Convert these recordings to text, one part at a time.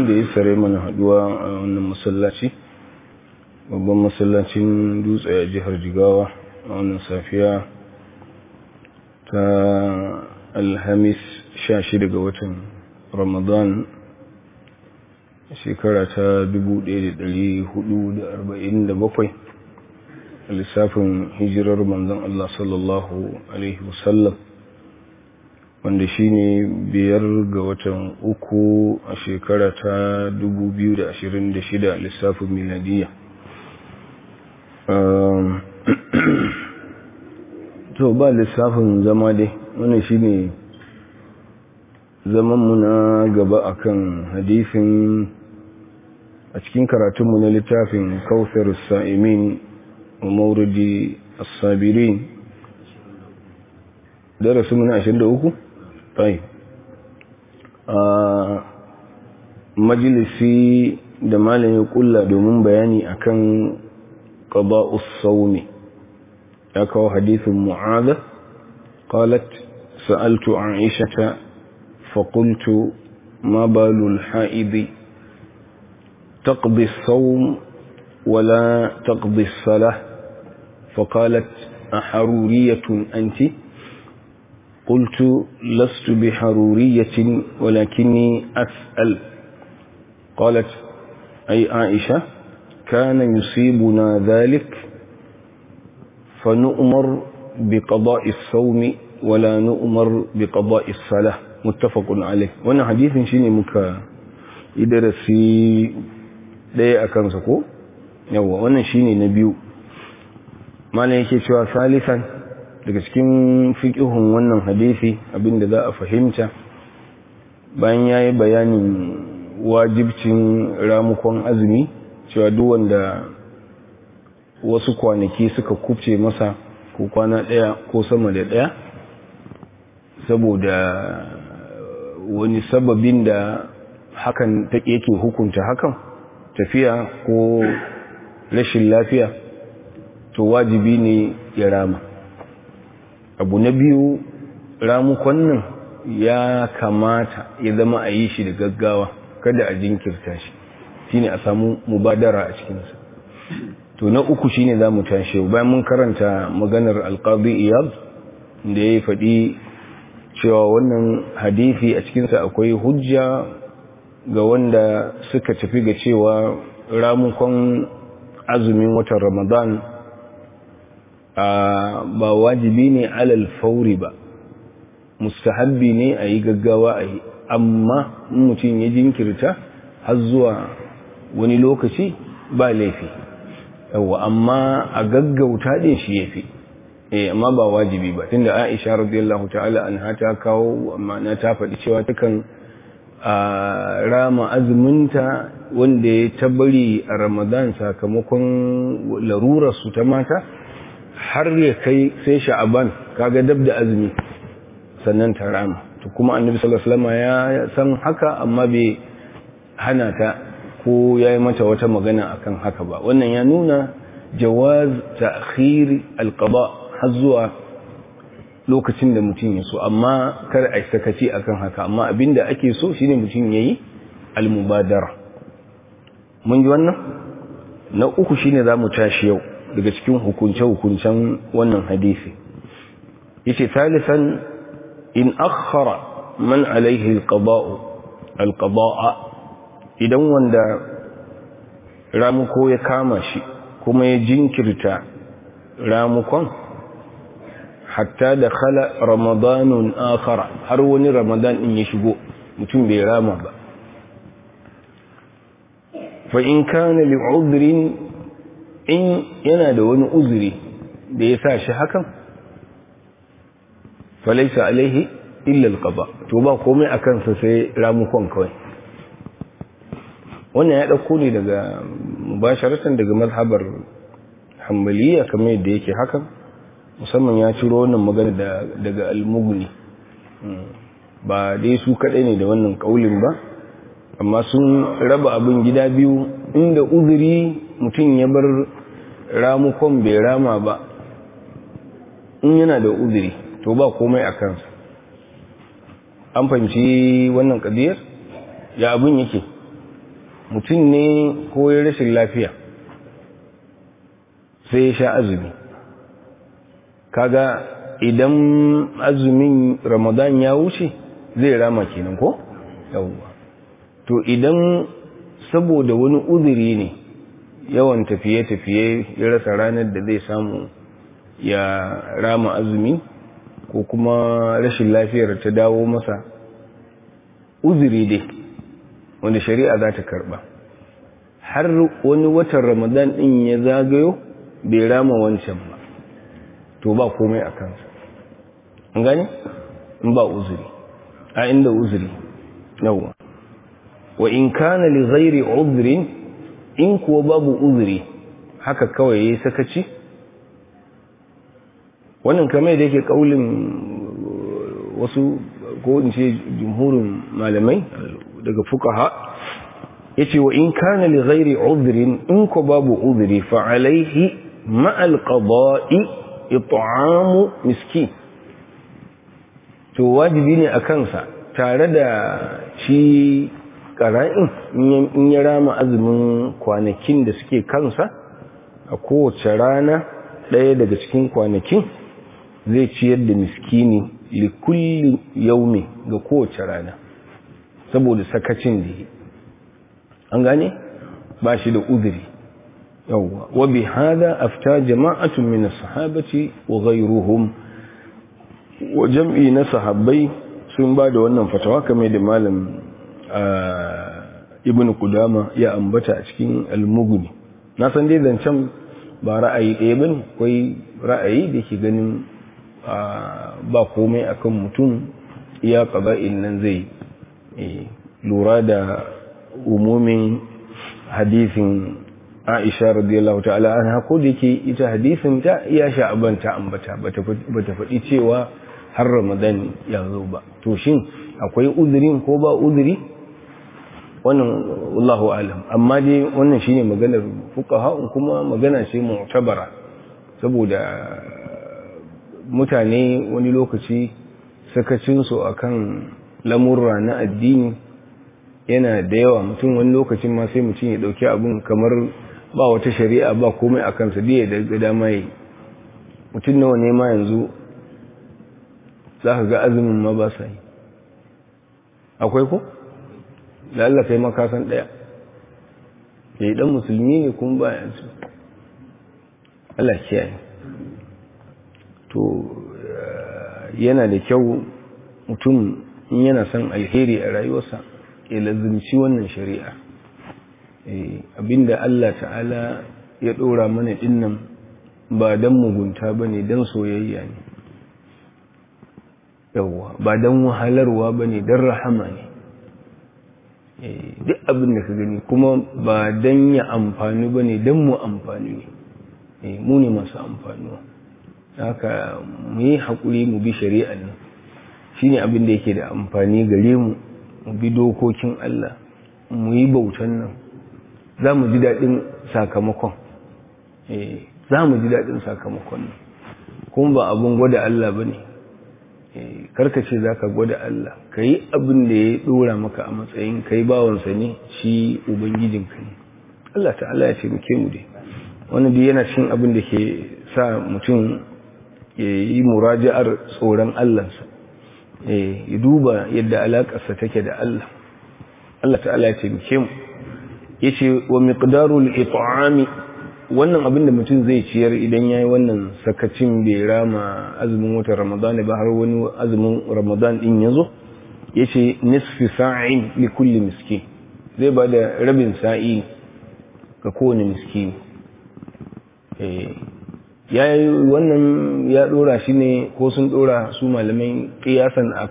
da ya sare mana haduwa a wannan masallaci babban masallacin dutse a jihar jigawa a wannan safiya ta alhamis 16 ga watan ramadan shekara ta 1447 lissafin hijirar manzon Allah sallallahu alaihi wasallam wanda shi ne biyar ga watan uku a shekara ta 2026 lissafin miladiya um, to ba lissafin zama dai shi ne zamanmu na gaba a kan hadisin a cikin karatunmu na littafin kawthar sa'imin umaru di sabirin darasinmu na 23 طيب آه، مجلسي دمال يقول لا دمون بياني أكن قضاء الصوم يكو حديث معاذ قالت سألت عائشة فقلت ما بال الحائض تقضي الصوم ولا تقضي الصلاة فقالت أحرورية أنتِ قلت لست بحرورية ولكني أسأل قالت أي عائشة كان يصيبنا ذلك فنؤمر بقضاء الصوم ولا نؤمر بقضاء الصلاة متفق عليه وانا حديث شيني مكا إدرسي لي a kansa ko yawwa wannan shine na biyu ثالثا daga cikin fiƙihun wannan hadisi abinda za a fahimta bayan ya yi bayanin wajibcin ramukon azumi cewa duwan da wasu kwanaki suka kubce masa ko kwana ɗaya ko sama da ɗaya saboda wani sababin da hakan ta yake hukunta hakan tafiya ko rashin lafiya to wajibi ne ya rama abu na biyu ramukon nan ya kamata ya zama a yi shi da gaggawa kada a jinkirta shi shine a samu mubadara a cikinsa to na uku shi ne za mu tashi bayan mun karanta maganar alqadi iyal da ya yi faɗi cewa wannan hadisi a cikinsa akwai hujja ga wanda suka tafi ga cewa ramukon azumin watan ramadan ba wajibi ne alal fauri ba mustahabbi ne a yi gaggawa a yi amma mutum ya jinkirta har zuwa wani lokaci ba laifi yawa amma a gaggauta ɗin shi ya fi eh, amma ba wajibi ba tunda Aisha radiyallahu ta'ala anha ta kawo amma na ta faɗi cewa takan rama azuminta wanda ya tabari a Ramadan sakamakon larurarsu ta mata har ya kai sai sha'aban kaga dab da azumi sannan ta rama to kuma annabi sallallahu alaihi wasallam ya san haka amma bai hana ta ko yayi mata wata magana akan haka ba wannan ya nuna jawaz ta'khir al har zuwa lokacin da mutum ya so amma kar a sakaci akan haka amma abinda ake so shine mutum yayi yi mubadara mun ji wannan na uku shine zamu tashi yau daga cikin hukunce-hukuncen wannan hadisi ce, salisan in akhara man alaihi alqada'u idan wanda ramuko ya kama shi kuma ya jinkirta ramukon hatta da khala ramadanun akhara har wani ramadan in ya shigo mutum bai rama ba fa in kana li'udrin in yana da wani uzuri da ya sa shi hakan falaisa alaihi illa alqaba to ba komai akan sa sai ramukon kawai wannan ya dauko ne daga mubasharatan daga mazhabar hanbaliya kamar yadda yake hakan musamman ya ciro wannan magana daga al al-mughni hmm. ba dai su kadai ne da wannan kaulin ba amma sun raba abin gida biyu inda uzuri mutum ya bar ramukon bai rama ba in yana da uzuri to ba komai a kansa an fahimci wannan ƙabiyar ya abin yake mutum ne ko ya rashin lafiya sai ya sha azumi kaga idan azumin ramadan ya wuce zai rama kenan ko yawwa to idan saboda wani uzuri ne yawan tafiye-tafiye ya rasa ranar da zai samu ya rama azumi ko kuma rashin lafiyar ta dawo masa uzuri dai wanda shari'a za ta karba har wani watan ramadan din ya zagayo bai rama wancan ba to ba komai a kansa gani in ba uzuri a inda uzuri yawon wa in kana li ghairi in kuwa babu uzuri haka kawai ya yi sakaci wannan kamar da yake kaulin uh, wasu ko in ce malamai daga fukaha ya ce wa in kana li ghairi uzuri in kuwa babu uzuri fa alaihi ma al qada'i it'amu miskin to wajibi ne a kansa tare da shi ƙara'in in ya rama azumin kwanakin da suke kansa a kowace rana ɗaya daga cikin kwanakin zai ciyar da miskini likulli yaumi ga kowace rana saboda sakacin da yi an gane ba shi da uzuri yauwa wa bi hada afta jama'atun min sahabati wa ghayruhum wa jam'i na sahabbai sun ba da wannan fatawa kamar da malam ibn kudama ya ambata a cikin almuguni na san dai zancen ba ra'ayi ɗaya bane akwai ra'ayi da ke ganin ba komai akan mutum iya qaba'in nan zai e, lura da umumin hadisin Aisha radiyallahu ta'ala an ko da ke ita hadisin ta iya sha'aban ta ambata ba ta faɗi cewa har Ramadan ya zo ba to shin akwai uzurin ko ba uzuri wannan wallahu alam amma dai wannan shine maganar fuqaha kuma magana ce mu'tabara saboda mutane wani lokaci sakacin su akan lamurra na addini yana da yawa mutum wani lokacin ma sai mutum ya dauki abun kamar ba wata shari'a ba komai akan sa da gada dama mutum nawa ne ma yanzu zaka ga azumin ma ba sai akwai ko da Allah yi makasan ɗaya ya yi ɗan musulmi ne kuma bayan su Allah kiyaye to eh, yana da kyau mutum in yana son alheri a rayuwarsa ya lazimci wannan shari'a eh, abinda Allah ta'ala ya ɗora mana ɗinnan ba don mugunta ba ne don soyayya ne Yauwa ba don wahalarwa ba ne don rahama ne Eh, duk abin da ka gani kuma ba don ya amfani ba ne don mu amfani ne eh, mu ne masu amfanuwa haka mu yi haƙuri mu bi shari'a nan shi ne abin da yake da amfani gare mu mu bi dokokin Allah mu yi bautan nan za mu ji daɗin sakamakon eh, za mu ji daɗin sakamakon nan kuma ba abin gwada Allah ba ne Eh, karka ce za ka gwada Allah ka yi abin da ya ɗora maka a matsayin kai bawansa ne shi ubangijin ka ne Allah ta'ala ya ce mu dai wani dai yana cin abin da ke sa mutum ya yi muraji'ar tsoron Allahnsa eh, ya duba yadda alaƙarsa take da Allah Allah ta'ala ya taimake mu ce wa miƙdarul it'ami wannan abin da mutum zai ciyar idan ya yi wannan sakacin bai rama azumin watan ramadan ba har wani azumin ramadan din ya zo ya ce nisfi sa'in li kulli miski zai ba da rabin sa'i ga kowane miski eh, ya yi wannan ya dora shi ne ko sun dora su malamai kiyasan akan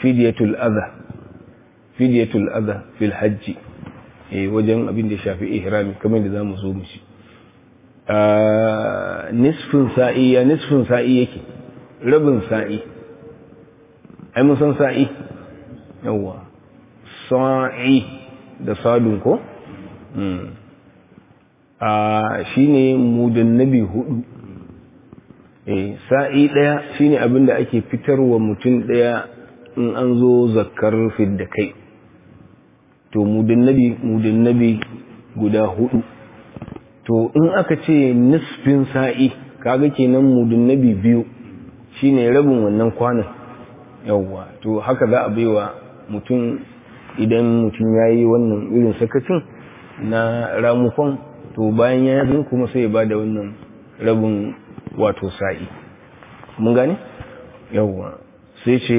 kan adha fidiyatul adha fil hajji Eh, wajen abin da shafi ihrami kamar da zamu zo mu shi ah, nisfin sa'i ya nisfin sa'i yake rabin sa'i ai mun san sa'i yawa sa'i da sadun ko hmm. a ah, shine mudun nabi hudu eh sa'i daya shine abin da ake fitarwa mutum daya in an zo zakkar fidda kai to mudin nabi mudin nabi guda hudu to in aka ce nisfin sa'i kaga kenan mudin nabi biyu shine rabin wannan kwanan yawwa to haka za a baiwa mutum idan mutum ya yi wannan irin sakacin na ramukon to bayan ya yi kuma sai ya bada da wannan rabin wato sa'i mun gane yawwa sai ce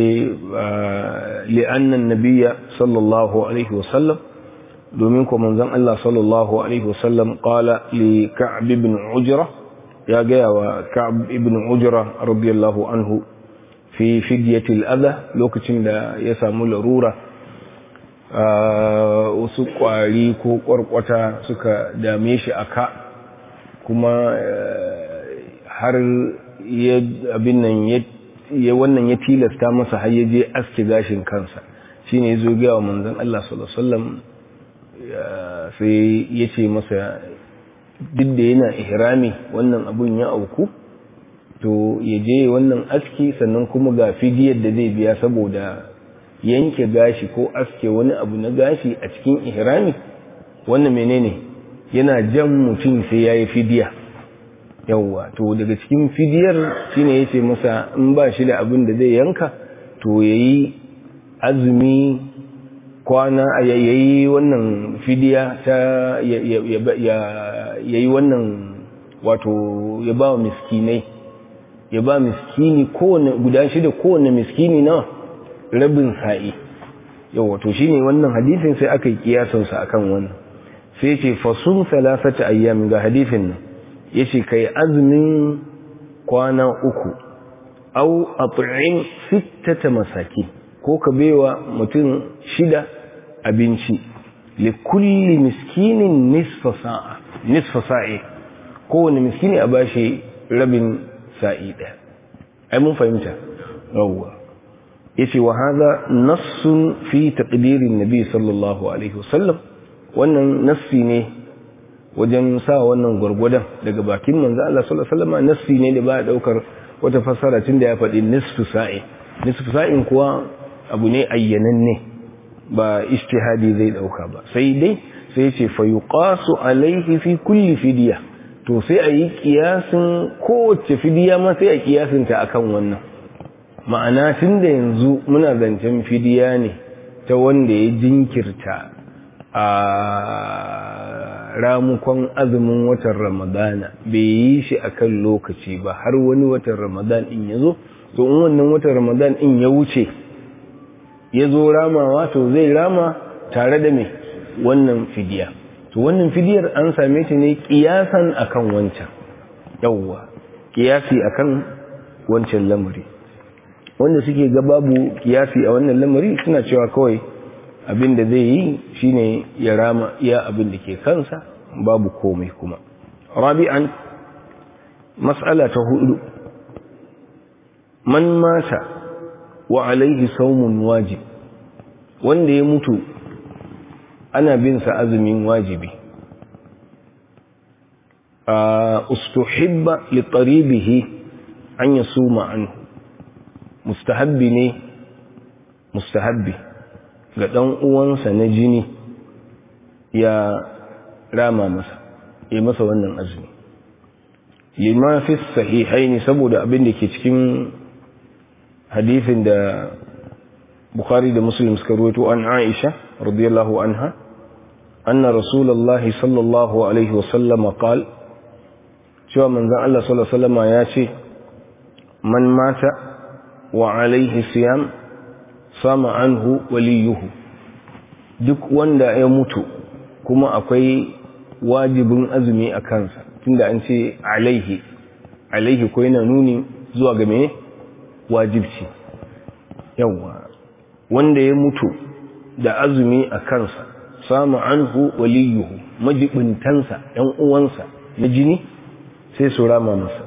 ah, li'annan nabiya sallallahu alaihi wasallam domin kuma manzon Allah sallallahu alaihi wasallam qala li ka'b ibn ujra ya gaya wa ka'b ibn ujra radiyallahu anhu fi fidyatil adha lokacin da ya samu larura ah, wasu kwari ko kwarkwata suka dame shi a ka kuma eh, har abin nan ya ya wannan ya tilasta masa har ya je aske gashin kansa shine ya zo wa manzon Allah sallallahu alaihi wasallam sai ya masa duk da yana ihrami wannan abun ya auku to ya je wannan aski sannan kuma ga fidiyar da zai biya saboda yanke gashi ko aske wani abu na gashi a cikin ihrami wannan menene yana jan mutum sai ya yi fidiya yawwa to daga cikin fidiyar shine yace masa in ba shi da abin da zai yanka to yayi azumi kwana yayi wannan fidiya ta yayi wannan wato ya ba miskinai ya ba miskini kowane guda shida kowane miskini na rabin sa'i yawwa to shine wannan hadisin sai aka yi kiyasansa akan wannan sai ce fasun salasata ayyamin ga hadisin nan ya ce ka yi azumin kwana uku au a tu'in sittata masaki ko ka baiwa mutum shida abinci likulli miskinin nisfa sa'i kowane miskini a bashi rabin sa'i ɗaya ai mun fahimta Ya ce wa hadha nassun fi taqdirin nabi sallallahu alaihi wasallam wannan nassi ne wajen sa wannan gwargwadon daga bakin manzo Allah sallallahu alaihi wasallam nasfi ne da ba daukar wata fassara tun ya faɗi nisfu sa'i nisfu sa'in kuwa abu ne ayyananne ba istihadi zai dauka ba sai dai sai ce fa yuqasu alaihi fi kulli fidiya to sai a yi kiyasin kowace fidiya ma sai a kiyasin ta akan wannan ma'ana tun da yanzu muna zancen fidiya ne ta wanda ya jinkirta a ramukon azumin watan ramadana bai yi shi a kan lokaci ba har wani watan ramadan in ya zo to in wannan watan ramadan in ya wuce ya zo ramawa to zai rama tare da mai wannan fidiya to wannan fidiyar an same shi ne kiyasan akan wancan yawwa kiyasi akan wancan lamari wanda suke ga babu kiyasi a wannan lamari suna cewa kawai abin da zai yi shine ya rama iya abin da ke kansa babu komai kuma rabi'an mas'ala ta hudu man mata wa alaihi saumun wajib wanda ya mutu ana bin sa azumin wajibi a ustuhibba liqaribihi, taribihi an yasuma anhu mustahabbi ne mustahabbi ga ɗan uwansa na jini ya rama masa ya masa wannan azumi ya ma fi ne saboda abin da ke cikin hadithin da bukhari da muslim suka ruwaito an aisha radiyallahu anha anna rasulullahi sallallahu alaihi wasallama qal cewa manzan Allah sallallahu alaihi wasallama ya ce man mata wa alaihi siyam sama anhu waliyuhu duk wanda ya mutu kuma akwai wajibin azumi a kansa tunda an ce alaihi alaihi ko yana nuni zuwa game wajibci yawa wanda ya mutu da azumi a kansa sama anhu waliyuhu majibintansa ɗan uwansa na jini sai su rama masa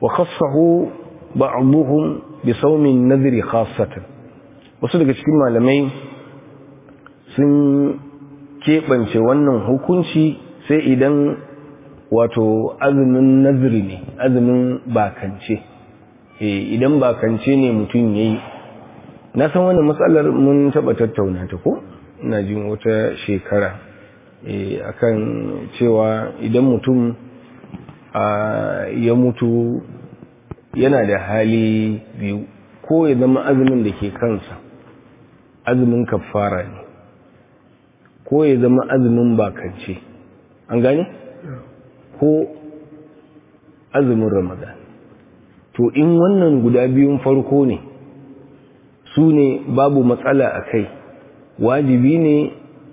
wa khassahu ba'dhum bi sawmin nadri khassatan wasu daga cikin malamai sun keɓance wannan hukunci sai idan wato azumin naziri ne azumin bakance e idan bakance ne mutum ya yi na san wannan matsalar mun taɓa tattauna ta ko ina jin wata shekara e akan cewa idan mutum ya mutu yana da hali biyu ko ya zama azumin da ke kansa azumin kafara ne ko ya zama azumin bakance an gani ko azumin ramadan to in wannan guda biyun farko ne su ne babu matsala a kai wajibi ne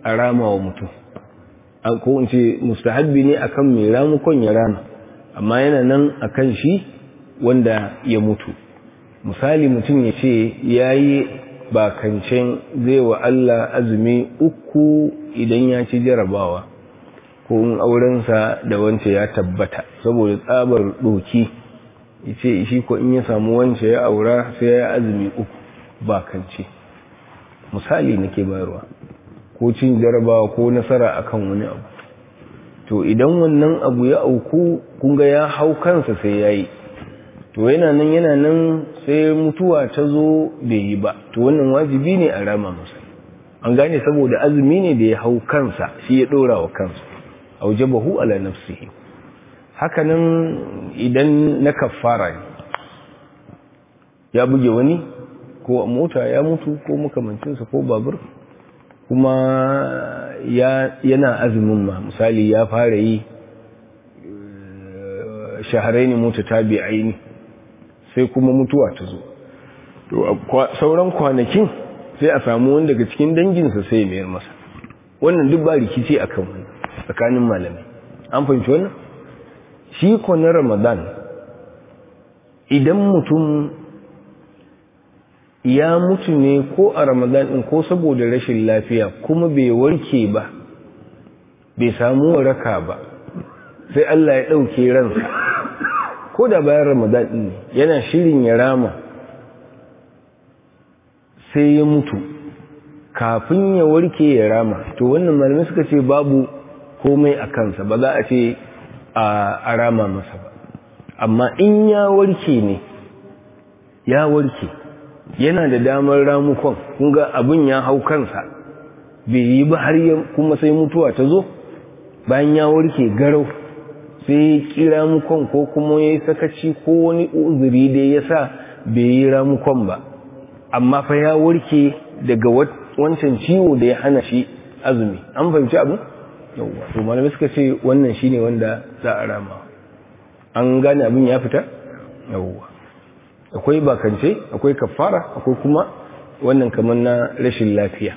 a rama wa mutum ko in ce mustahabbi ne akan mai ramukon ya rama amma yana nan a kan shi wanda ya mutu misali mutum ya ce ya yi ba kancen zai wa Allah azumi uku idan ya ci jarabawa ko in aurensa da wance ya tabbata saboda tsabar doki ice shi ko in ya samu wance ya aura sai ya azumi uku ba kance misali nake bayarwa ko cin jarabawa ko nasara akan wani abu to idan wannan abu ya auku kun ga ya hau kansa sai yayi to yana nan yana nan sai mutuwa ta zo bai yi ba to wannan wajibi ne a rama masa an gane saboda azumi ne da ya hau kansa shi ya dora wa kansa aujabahu ala nafsihi haka nan idan na kaffara ne ya buge wani ko a mota ya mutu ko makamancinsa ko babur kuma ya yana azumin ma misali ya fara yi eh, shaharai ne mota bi aini sai kuma mutuwa ta zo sauran kwanakin sai a samu wani daga cikin danginsa sai ya mayar masa wannan duk ba rikici a kan wani tsakanin malami an fahimci wannan shi na ramadan idan mutum ya mutu ne ko a ramadan ɗin ko saboda rashin lafiya kuma bai warke ba bai samu waraka ba sai allah ya ɗauke ransa ko da bayan ramadan ɗin yana shirin ya rama sai ya mutu kafin ya warke ya rama to wannan malamai suka ce babu komai a kansa ba za a ce a rama masa ba amma in ya warke ne ya warke yana da damar ramukon kun ga abin ya hau kansa bai yi ba har kuma sai mutuwa ta zo bayan ya warke garau sai kira mukon ko kuma ya yi sakaci ko wani uzuri da ya sa bai yi ramukon ba amma fa ya warke daga wancan ciwo da ya hana shi azumi an fahimci abu yauwa to malamai suka ce wannan shi ne wanda za a rama an gane abin ya fita yauwa akwai bakance akwai kafara akwai kuma wannan kamar na rashin lafiya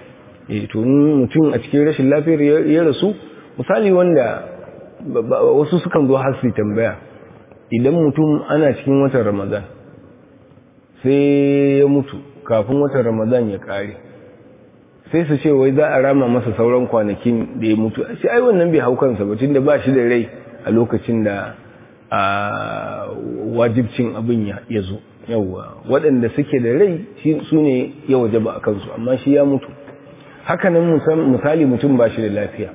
e to mutum a cikin rashin lafiyar ya rasu misali wanda wasu sukan zo har su tambaya idan mutum ana cikin watan ramadan sai ya mutu kafin watan ramadan ya kare sai su ce wai za a rama masa sauran kwanakin da ya mutu a ai wannan bai hau kansa ba da ba shi da rai a lokacin da wajibcin abin ya zo yawwa waɗanda suke da rai su ne ya waje ba a kansu amma shi ya mutu hakanan misali mutum ba shi da lafiya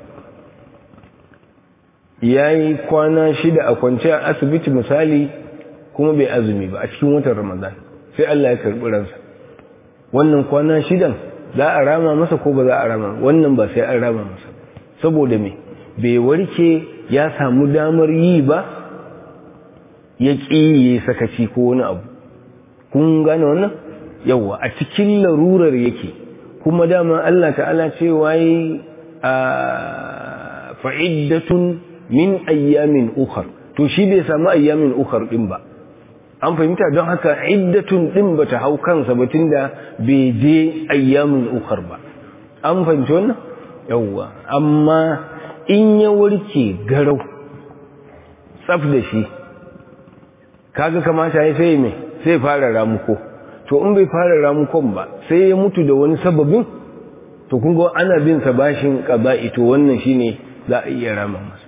ya yi kwana shida a kwanciyar asibiti misali kuma bai azumi ba a cikin watan ramadan sai Allah ya karɓi ransa wannan kwana shidan za a rama masa ko ba za a rama wannan ba sai an rama masa saboda me bai warke ya samu damar yi ba ya ƙi ya sakaci ko wani abu kun gane wannan yawa a cikin larurar yake kuma dama Allah ta'ala ce waye a fa'iddatun min ayyamin ukhar to shi bai samu ayyamin ukhar din ba an fahimta don haka iddatun din bata hau kansa ba da bai je ayyamin ukhar ba an fahimci wannan yawwa amma in ya warke garau tsaf da shi kaga kamata ya sai me sai fara ramuko to in bai fara ramukon ba sai ya mutu da wani sababin to kun ana bin sa bashin qaba'i to wannan shine za a iya rama masa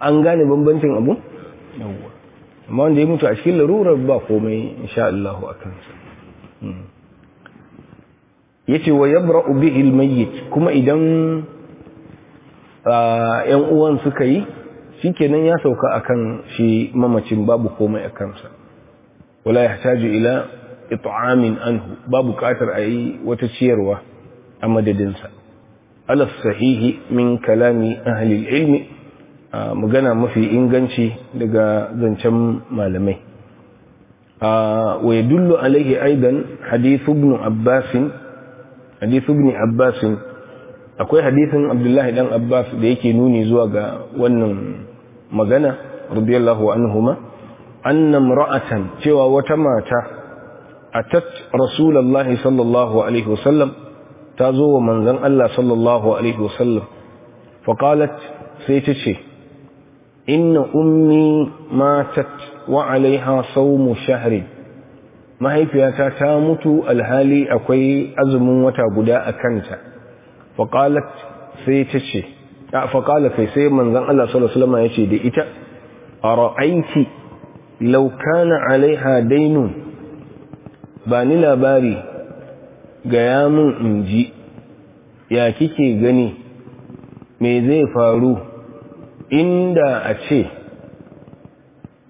an gane bambancin abu amma wanda ya mutu a cikin larurar ba komai insha Allah a kansa hmm. ce wa yabra'u bihi al kuma idan yan uwan suka yi shi kenan ya sauka a kan shi mamacin babu komai a kansa wala ya yahtaju ila it'amin anhu babu a yi wata ciyarwa a madadinsa ala sahihi min kalami ahalil ilmi magana mafi inganci daga zancen malamai wa dullo alaihi aidan hadithu ibn abbas ibn abbas akwai hadithin abdullahi dan abbas da yake nuni zuwa ga wannan magana radiyallahu anhuma anna imra'atan cewa wata mata atat rasulullahi sallallahu alaihi wasallam ta zo wa manzon Allah sallallahu alaihi wasallam faqalat sai ta ce inna ummi matat wa alaiha saumu shahri mahaifiyata ta mutu alhali akwai azumin wata guda a kanta faƙalat sai ta ce faƙalat kai sai manzan Allah sallallahu ya ce da ita a ra'aiki laukana alaiha dainun ba ni labari gaya min in ji ya kike gani me zai faru inda a ce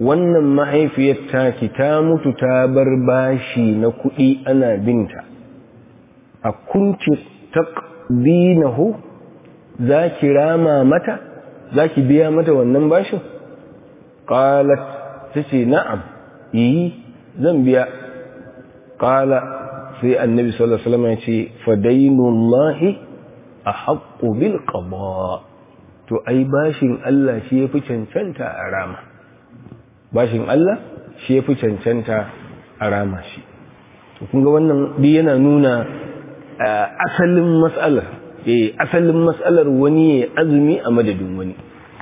wannan mahaifiyar taki ta mutu ta bar bashi na kuɗi ana binta a kunci taqdinahu za ki rama mata za ki biya mata wannan bashin ta ce na'am yi eh, zan biya Ƙala sai annabi sallallahu alaihi wasallam ya ce fadainullahi ahqqu bil to ai bashin Allah shi ya fi cancanta a rama bashin Allah shi ya cancanta a rama shi to kun ga wannan bi yana nuna asalin mas'alar eh asalin matsalar wani ya azumi a madadin wani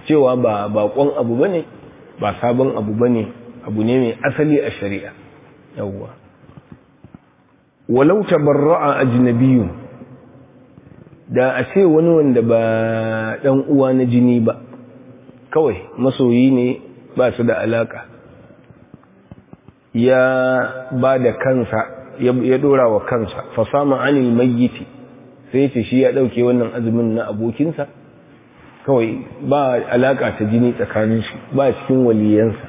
cewa ba bakon abu bane ba sabon abu bane abu ne mai asali a shari'a yawwa walau tabarra'a ajnabiyyu da a ce wani wanda ba dan uwa na jini ba kawai masoyi ne ba su da alaka ya ba da kansa ya dora wa kansa fasama anil mayyiti sai ce shi ya dauke wannan azumin na abokinsa kawai ba alaƙa ta jini tsakanin shi ba cikin waliyansa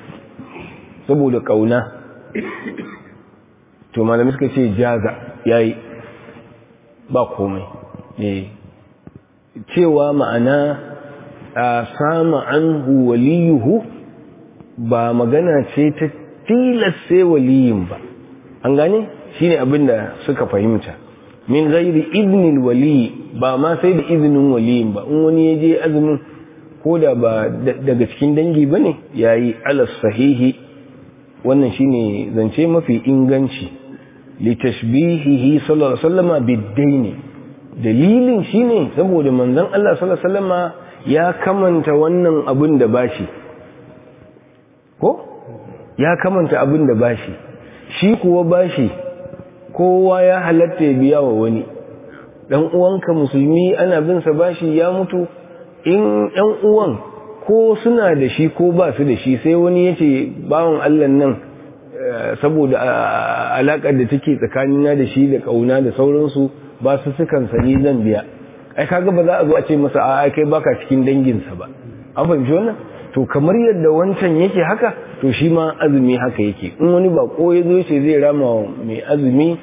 saboda ƙauna, to malamai suka ce jaza ya yi, ba komai Eh. cewa ma'ana a sama an waliyuhu ba magana ce ta tilasta waliyin ba an gane shine abin da suka fahimta min gairi izinin waliyi ba ma sai da izinin waliyin ba in wani ya je azumin ko da ba daga cikin dangi ba ne ya yi alas sahihi wannan shi ne zance mafi inganci litashbihihi sallallahu alaihi wasallama ne dalilin shi ne saboda manzan Allah sallallahu alaihi ya kamanta wannan abin da bashi ko ya kamanta abin da bashi shi kuwa bashi kowa ya halatta ya biya wa wani dan uwanka musulmi ana bin sa bashi ya mutu in 'yan uwan ko suna da shi ko ba su da shi sai wani ya ce bawan Allah nan eh, saboda ah, alaƙar da take tsakanina da shi da ƙauna da sauransu ba su sukan sani zan biya ai kaga ba za a zo a ce masa a kai baka cikin danginsa ba an fahimci wannan to kamar yadda wancan yake haka to shi ma azumi haka yake in wani ba ko ya zo ce zai rama mai azumi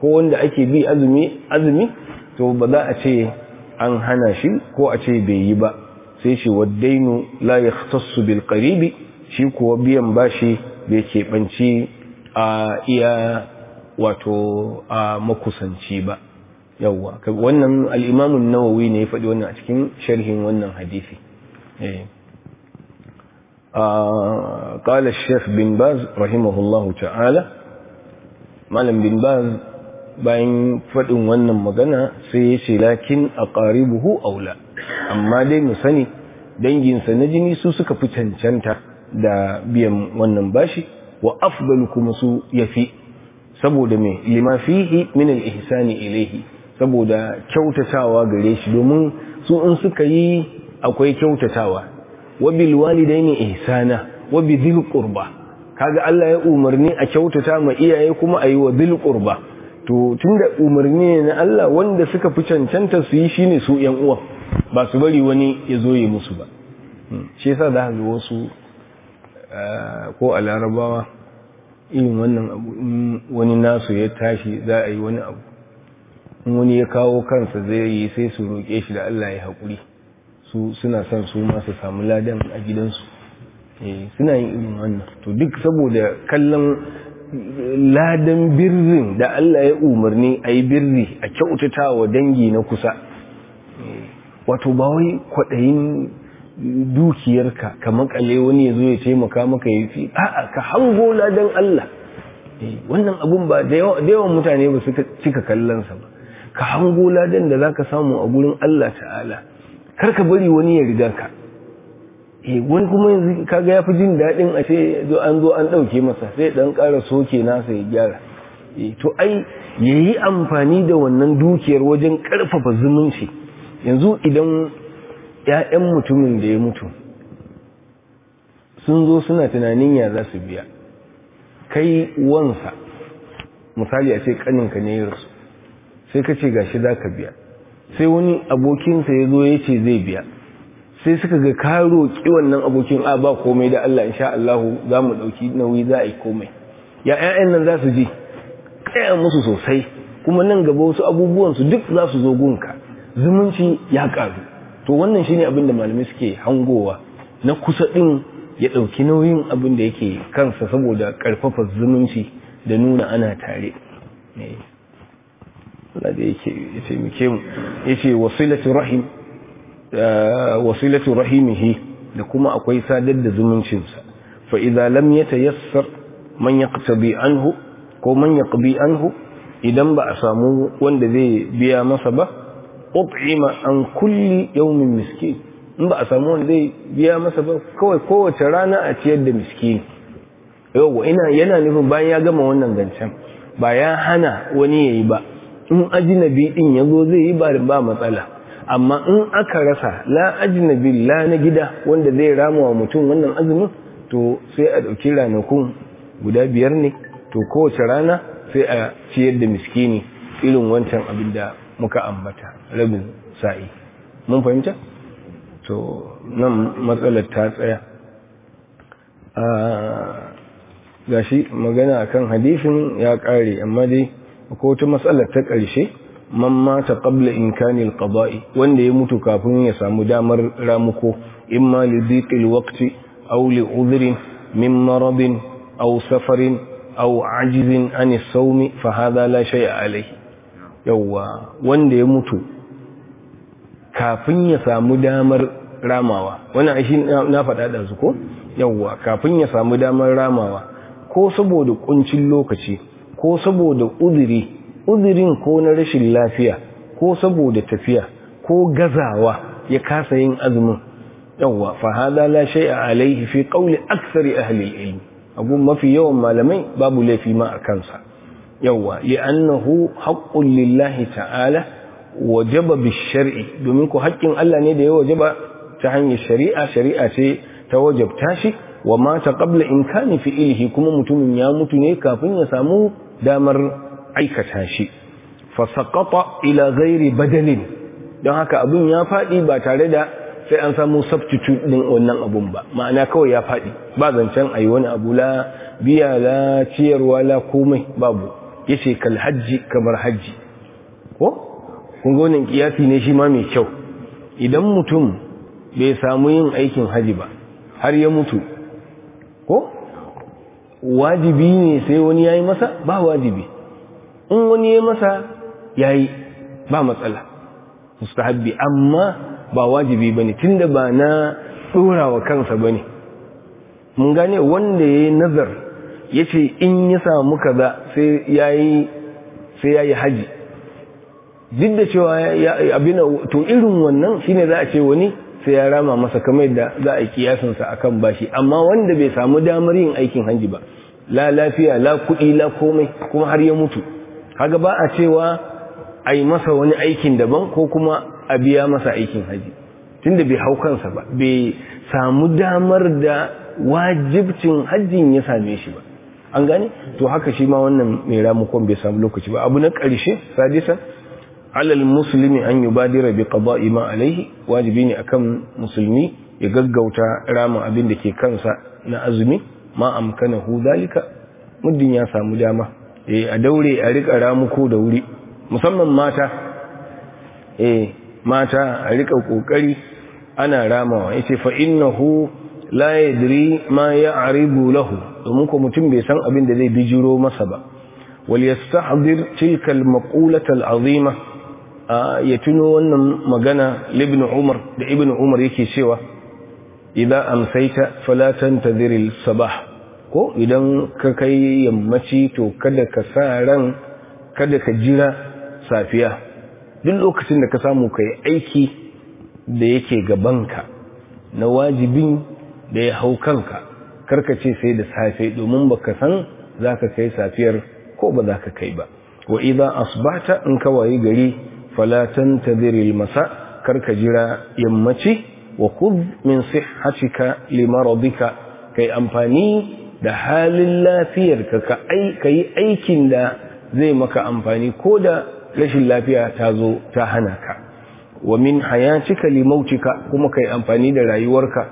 ko wanda ake bi azumi azumi to ba za a ce an hana shi ko a ce bai yi ba sai shi waddainu la yahtassu bil qaribi shi kuwa biyan bashi bai keɓanci a iya wato a makusanci ba yawwa wannan al nawawi ne ya faɗi wannan a cikin sharhin wannan hadisi a قال الشيخ bin باز rahimahullahu ta'ala malam مالم bayan faɗin wannan magana sai ya ce lakin a ƙaribuhu aula amma dai mu sani danginsa na jini su suka fi cancanta da biyan wannan bashi wa afdalu kuma su ya fi, saboda mai lima fihi min al-ihsani ilaihi saboda kyautatawa gare shi domin su in suka yi akwai kyautatawa wabil walidaini ihsana dhil qurba kaga Allah ya umarni a kyautata ma iyaye kuma ayi wa dhil qurba to tunda umarni ne na Allah wanda suka fi cancanta su yi shine su yan uwa ba su bari wani ya zo yi musu ba hmm. shi yasa da hanga wasu eh, ko a larabawa irin wannan abu wani nasu ya tashi za a yi wani abu wani ya kawo kansa zai yi sai su roƙe shi da Allah ya haƙuri su suna son su ma su samu ladan a gidansu eh, suna yin irin wannan to duk saboda kallon ladan birrin da Allah ya umarni a yi birri a kyautata wa dangi na kusa eh, wato ba wai kwaɗayin dukiyarka ka makale wani ya zo ya taimaka maka ya fi a'a ka hango ladan Allah eh, wannan abun ba da yawan mutane ba su cika kallonsa ba ka hango ladan da zaka samu a gurin Allah ta'ala kar ka bari wani ya riga ka eh wani kuma yanzu kaga yafi jin dadin a ce zo an zo an dauke masa sai dan ƙara soke nasa ya gyara eh to ai yayi amfani da wannan dukiyar wajen karfafa zumunci yanzu idan ƴaƴan mutumin da ya mutu sun zo suna tunanin ya za su biya kai wansa misali a ce kaninka ne ya rasu sai ka ce gashi za ka biya sai wani abokinsa ya zo ya ce zai biya sai suka ga karo roƙi wannan abokin a ba komai da Allah insha Allahu za mu ɗauki nauyi za a yi komai ya ƴaƴan nan za su ji tsaya musu sosai kuma nan gaba wasu abubuwan su duk za su zo gunka zumunci ya ƙaru to wannan shine abin da malamai suke hangowa na kusa ɗin ya ɗauki nauyin abin da yake kansa saboda ƙarfafa zumunci da nuna ana tare. Eh. Allah yake mu yace wasilatu rahim eh, wasilatu da kuma akwai sadar da zumuncinsa fa idza lam yatayassar man yaqtabi anhu ko man yaqbi anhu idan ba a samu wanda zai biya masa ba ut'ima an kulli yawmin miskin in ba a samu wanda zai biya masa ba kawai kowace rana a ciyar da miskini yau ina yana nufin bayan ya gama wannan zancen ba ya hana wani yayi ba in ajinabi din yazo zai yi barin ba matsala amma in aka rasa la ajnabi la na gida wanda zai rama wa mutum wannan azumin to sai a ɗauki ranakun guda biyar ne to kowace rana sai a ciyar da miskini irin wancan abin da muka ambata rabin sa'i mun fahimta to nan matsalar ta tsaya a ah, gashi magana akan hadisin ya kare amma dai ko wata matsalar ta ƙarshe man mata qabla imkanil qada'i wanda ya mutu kafin ya samu damar ramuko imma li zikil waqti aw li udhrin min marabin aw safarin aw ajizin an as fa hada la shay'a alayhi yawa wanda ya mutu kafin ya samu damar ramawa wannan shi na faɗa da su ko yawa kafin ya samu damar ramawa ko saboda kuncin lokaci ko saboda uzuri uzurin ko na rashin lafiya ko saboda tafiya ko gazawa ya kasa yin azumin yawwa fa hada la shay'a alayhi fi qawli aktsari ahli al-ilm abu mafi yawan malamai babu laifi ma a kansa yawwa li'annahu haqqun lillahi ta'ala wajaba bi shari domin ko haƙƙin Allah ne da ya wajaba ta hanyar shari'a shari'a ce ta wajabta shi wa mata qabla in kana ilhi kuma mutumin ya mutu ne kafin ya samu damar aikata shi fasaqata ila ghairi badalin don haka abun ya faɗi ba tare da sai an samu substitute din wannan abun ba ma'ana kawai ya faɗi ba zancen ayi wani abu la biya la ciyarwa la komai babu yace kal hajji kamar hajji ko kun ga wannan kiyasi ne shi ma mai kyau idan mutum bai samu yin aikin haji ba har ya mutu ko wajibi ne sai wani yayi yi masa ba wajibi in wani ya yi masa yayi ba matsala mustahabbi amma ba wajibi bane ne ba na tsora kansa bane mun gane wanda yayi nazar yace in ya samu kaza sai ya yi haji duk da cewa abin to irin wannan shine za a ce wani sai ya rama masa kamar da za a a kan bashi amma wanda bai samu damar yin aikin hanji ba la lafiya la kuɗi la komai kuma har ya mutu haga ba a cewa a yi masa wani aikin daban ko kuma a biya masa aikin haji tunda bai hau kansa ba bai samu damar da wajibcin hajjin ya same shi ba an gane to haka shi ma wannan mai ramukon bai samu lokaci ba abu na ƙarshe sadisan alal musulmi an yubadira bi qada'i ma alaihi wajibi ne akan musulmi ya gaggauta rama abin da ke kansa na azumi ma amkanahu dalika muddin ya samu dama e a daure a rika ko da wuri musamman mata eh, mata a rika kokari ana ramawa yace fa innahu la yadri ma ya'ribu lahu domin ko mutum bai san abin da zai bijiro masa ba wal yastahdir tilka al maqulata al azima ya tuno wannan magana Ibn umar da ibn umar yake cewa idan amsaita falatan taziril sabah ko idan ka kai yammaci to kada ka sa ran kada ka jira safiya duk lokacin da ka samu kai aiki da yake gabanka na wajibin da ya hau kanka karka ce sai da safe domin baka san zaka kai safiyar ko ba ka kai ba wa idan asbata in ka wayi gari fala ta al-masa karka jira yammaci wa khudh min sihhatika limaradika kai amfani da halin lafiyarka ka yi aikin da zai maka amfani ko da rashin lafiya ta zo ta hana ka wa min hayatika limautika kuma kai amfani da rayuwarka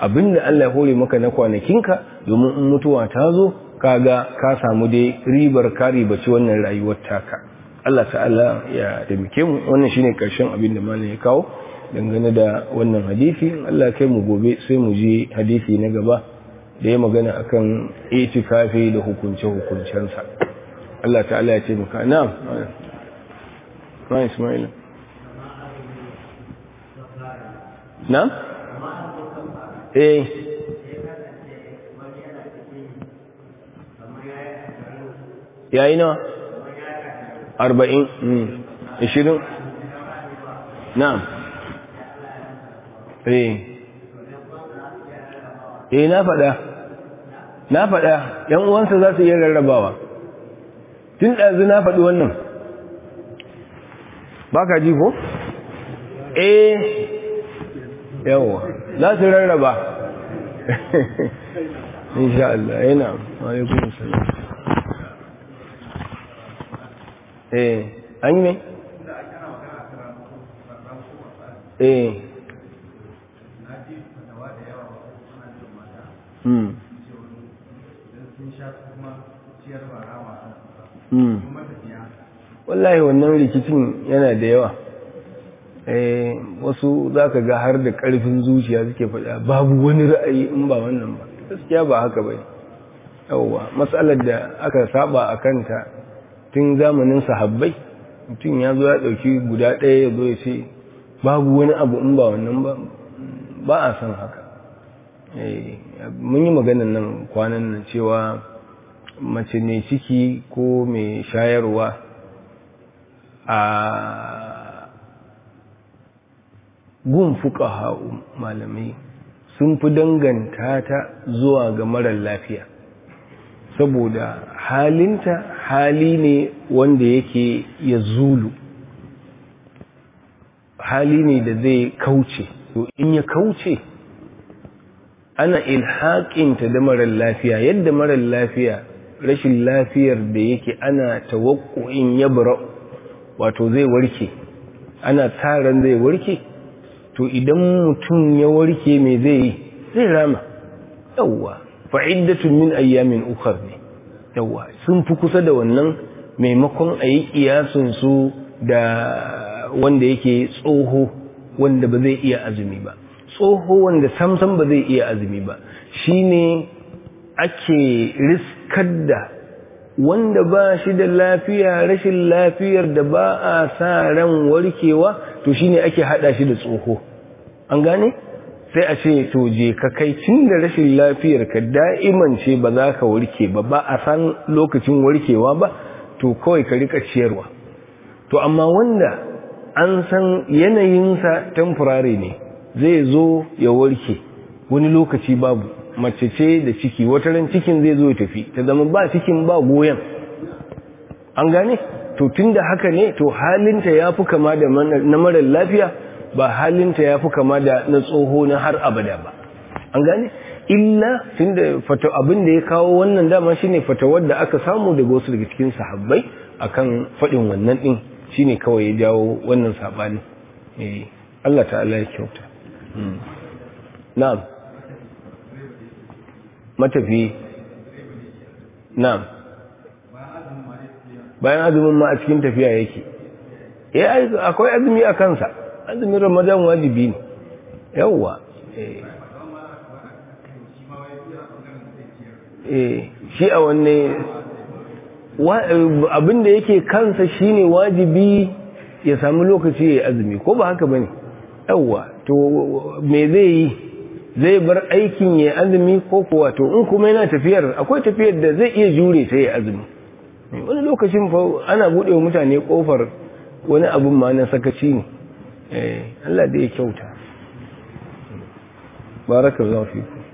abinda Allah ya hore maka na kwanakinka domin in mutuwa ta zo kaga ka samu dai ribar ka ribaci wannan rayuwar taka Allah ta'ala ya taimake mu wannan shine karshen abin da malamin ya kawo dangane da wannan hadisi Allah kai mu gobe sai mu ji hadisi na gaba da ya magana akan itikafi da hukunce hukuncensa Allah ta'ala ya taimaka na'am ma Ismail na'am eh yayi nawa arba'in hmm. ishirin na'am eh eh na faɗa na faɗa ‘yan uwansa za su iya rarrabawa tun ɗazu na faɗi wannan ba ka ji ko? eh yawa za su rarraba insha Allah yana eh, alaikun salam eh an yi ne eh hmm. Hmm. wallahi wannan rikicin yana da yawa eh, wasu wasu zaka ga har da karfin zuciya suke faɗa babu wani ra'ayi in ba wannan ba gaskiya ba haka bai yauwa matsalar da aka saba a kanta tun zamanin sahabbai mutum ya zo ya ɗauki guda ɗaya ya zo ya ce babu wani abu in ba wannan ba ba a san haka eh, mun yi maganan nan kwanan nan cewa mace mai ciki ko mai shayarwa a gun fuka ha'u malamai sun fi danganta ta zuwa ga marar lafiya saboda halinta hali ne wanda yake ya zulu hali ne da zai kauce to in ya kauce ana ilhaƙinta da marar lafiya yadda marar lafiya rashin lafiyar da yake ana tawakku'in ya bara wato zai warke ana tsaron zai warke to idan mutum ya warke mai zai yi zai rama yauwa fa'idatun min ayyamin ukar ne yawa sun fi kusa da wannan maimakon a yi kiyasinsu da wanda yake tsoho wanda ba zai iya azumi ba tsoho wanda samsam ba zai iya azumi ba shine ake riskar da wanda ba shi da lafiya rashin lafiyar da ba a sa ran warkewa to shine ake hada shi da tsoho an gane sai a ce to je ka kai tun da rashin lafiyar ka da'iman ce ba za ka warke ba ba a san lokacin warkewa ba to kawai ka rika ciyarwa to amma wanda an san yanayinsa temporary ne zai zo ya warke wani lokaci babu mace ce da ciki wata ran cikin zai zo ya tafi ta zama ba cikin ba goyon an gane to tun da haka ne to halinta ya fi kama da na marar lafiya ba halinta ya fi kama da na tsoho na har abada ba an gane illa da fata abin da ya kawo wannan dama shine fata wadda aka samu daga wasu daga cikin sahabbai akan faɗin wannan shi shine kawai ya jawo wannan sabani eh Allah ta'ala ya kyauta hmm. na'am matafi na'am bayan azumin ma a cikin tafiya yake eh akwai azumi a kansa azumin ramadan wajibi ne yawwa eh. eh, shi a wanne abin da yake kansa shine wajibi ya samu lokaci ya azumi ko ba haka bane yawwa to me zai yi zai bar aikin ya azumi ko kuwa to in kuma yana tafiyar akwai tafiyar da zai iya jure sai ya azumi wani lokacin ana buɗe mutane ƙofar wani abin ma na sakaci ne eh Allah da ya kyauta barakallahu fiku